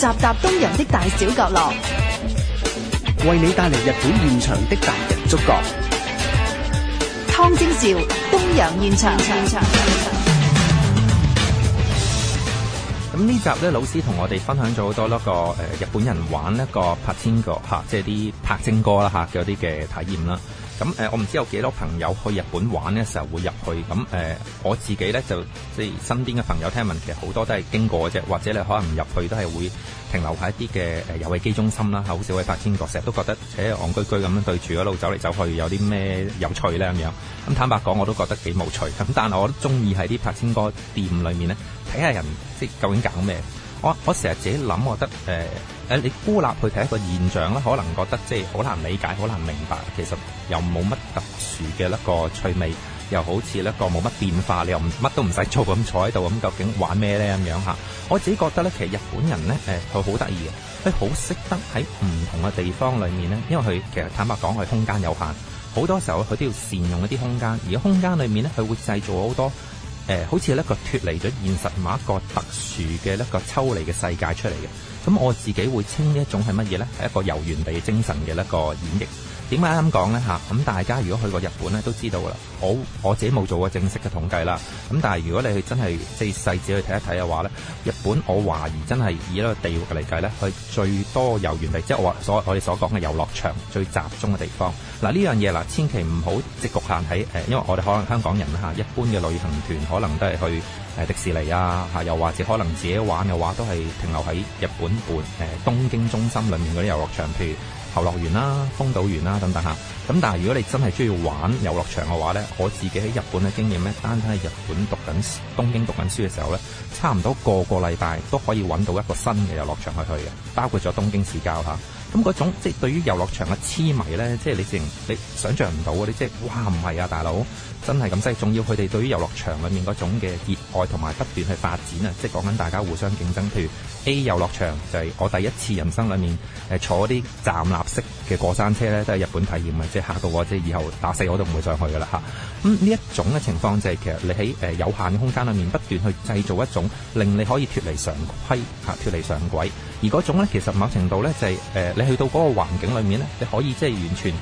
集集東洋的大小角落，為你帶嚟日本現場的達人觸覺。湯晶兆東洋現場。咁呢集咧，老師同我哋分享咗好多一個誒、呃，日本人玩一個拍千角，吓，即係啲拍精歌，啦吓，有啲嘅體驗啦。咁誒、嗯，我唔知有幾多朋友去日本玩嘅時候會入去。咁誒、呃，我自己咧就即係身邊嘅朋友聽聞，其實好多都係經過嘅啫，或者你可能唔入去都係會停留喺一啲嘅遊戲機中心啦，好少去柏青哥，成日，都覺得誒戇居居咁樣對住嗰路走嚟走去，有啲咩有趣呢樣？咁、嗯、坦白講，我都覺得幾無趣。咁但係我都中意喺啲柏青哥店裏面咧睇下人，即係究竟搞咩？我我成日自己諗，我覺得誒誒，你孤立去睇一個現象咧，可能覺得即係好難理解，好難明白。其實又冇乜特殊嘅一個趣味，又好似一個冇乜變化，你又乜都唔使做咁坐喺度咁，究竟玩咩咧咁樣下？我自己覺得咧，其實日本人咧誒，佢好得意嘅，佢好識得喺唔同嘅地方裏面咧，因為佢其實坦白講，佢空間有限，好多時候佢都要善用一啲空間，而空間裏面咧，佢會製造好多。誒、呃，好似一個脱離咗現實某一個特殊嘅一個抽離嘅世界出嚟嘅，咁我自己會稱呢一種係乜嘢呢？係一個遊園地精神嘅一個演繹。點解咁講呢？咁大家如果去過日本呢都知道喇，啦。我我自己冇做過正式嘅統計啦。咁但係如果你去真係即係細緻去睇一睇嘅話呢，日本我懷疑真係以一個地域嚟計呢，係最多遊園地，即係我所我哋所講嘅遊樂場最集中嘅地方。嗱、啊、呢樣嘢啦，千祈唔好即局限喺，因為我哋可能香港人一般嘅旅行團可能都係去。誒迪士尼啊，吓，又或者可能自己玩嘅話，都係停留喺日本本誒東京中心裏面嗰啲遊樂場，譬如後樂園啦、啊、豐島園啦、啊、等等吓。咁但係如果你真係中意玩遊樂場嘅話咧，我自己喺日本嘅經驗咧，單單係日本讀緊東京讀緊書嘅時候咧，差唔多個個禮拜都可以揾到一個新嘅遊樂場去去嘅，包括咗東京市郊吓。咁嗰種即係對於遊樂場嘅痴迷咧，即係你成你想象唔到嗰啲，即係哇唔係啊，大佬真係咁犀，仲要佢哋對於遊樂場裏面嗰種嘅熱愛同埋不斷去發展啊！即係講緊大家互相競爭，譬如 A 遊樂場就係我第一次人生裏面誒坐啲站立式嘅過山車咧，都係日本體驗啊，即係嚇到我，即係以後打死我都唔會上去噶啦吓，咁呢一種嘅情況就係其實你喺誒有限空間裏面不斷去製造一種令你可以脱離常規嚇、脱離常軌，而嗰種咧其實某程度咧就係誒你去到嗰個環境裏面咧，你可以即係完全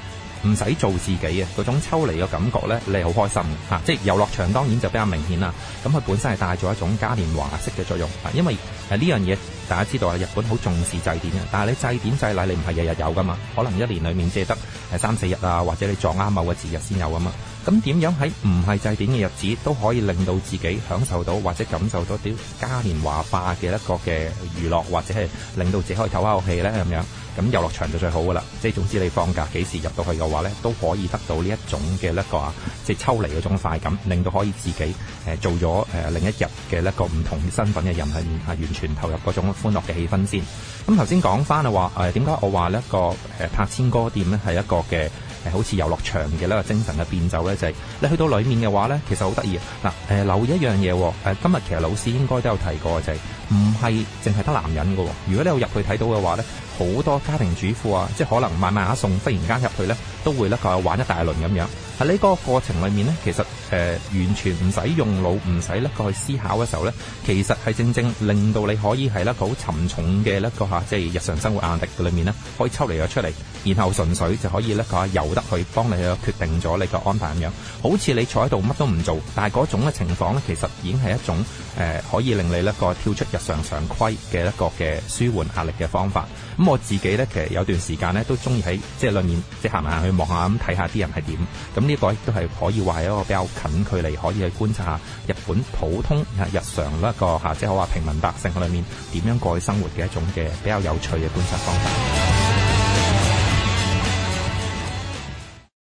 唔使做自己嘅嗰種抽離嘅感覺咧，你係好開心、啊、即係遊樂場當然就比較明顯啦。咁佢本身係帶咗一種嘉年華式嘅作用，啊、因為、啊、呢樣嘢大家知道啊，日本好重視祭典。但係你祭典祭禮你唔係日日有噶嘛，可能一年裏面即係得三四日啊，或者你撞啱某個節日先有㗎嘛。咁點樣喺唔係祭典嘅日子都可以令到自己享受到或者感受到啲嘉年華化嘅一個嘅娛樂，或者係令到自己可以唞下氣咧咁樣。咁遊樂場就最好噶啦，即係總之你放假幾時入到去嘅話咧，都可以得到呢一種嘅一個即係抽離嗰種快感，令到可以自己、呃、做咗、呃、另一日嘅一個唔同身份嘅人係完完全投入嗰種歡樂嘅氣氛先。咁頭先講翻啊話點解、呃、我話呢、呢個誒、呃、拍千歌店咧係一個嘅、呃、好似遊樂場嘅呢個精神嘅變奏咧，就係、係、你去到裏面嘅話咧，其實好得意嗱留一樣嘢喎、呃。今日其實老師應該都有提過就係、係。唔係淨係得男人嘅喎、哦，如果你有入去睇到嘅話咧，好多家庭主婦啊，即係可能慢慢阿送忽然間入去咧，都會甩個玩一大輪咁樣。喺呢個過程裏面咧，其實誒、呃、完全唔使用腦，唔使甩個去思考嘅時候咧，其實係正正令到你可以係咧個好沉重嘅一個吓，即係日常生活壓力嘅裏面咧，可以抽離咗出嚟，然後純粹就可以咧個由得去幫你去決定咗你個安排咁樣。好似你坐喺度乜都唔做，但係嗰種嘅情況咧，其實已經係一種誒、呃、可以令你甩個跳出常常規嘅一個嘅舒緩壓力嘅方法，咁我自己呢其實有段時間呢都中意喺即係裏面即係行行去望下咁睇下啲人係點，咁呢個亦都係可以話係一個比較近距離可以去觀察下日本普通日常一個即係話平民百姓裏面點樣過去生活嘅一種嘅比較有趣嘅觀察方法。